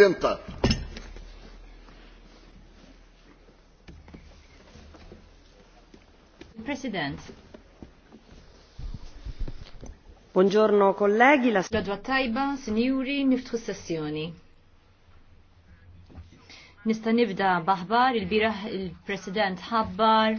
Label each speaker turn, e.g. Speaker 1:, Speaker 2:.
Speaker 1: Presidenta.
Speaker 2: President. Buongiorno colleghi, la Għadwa tajba, signori, niftħu sessjoni.
Speaker 3: Nista nibda baħbar, il-biraħ il-President ħabbar.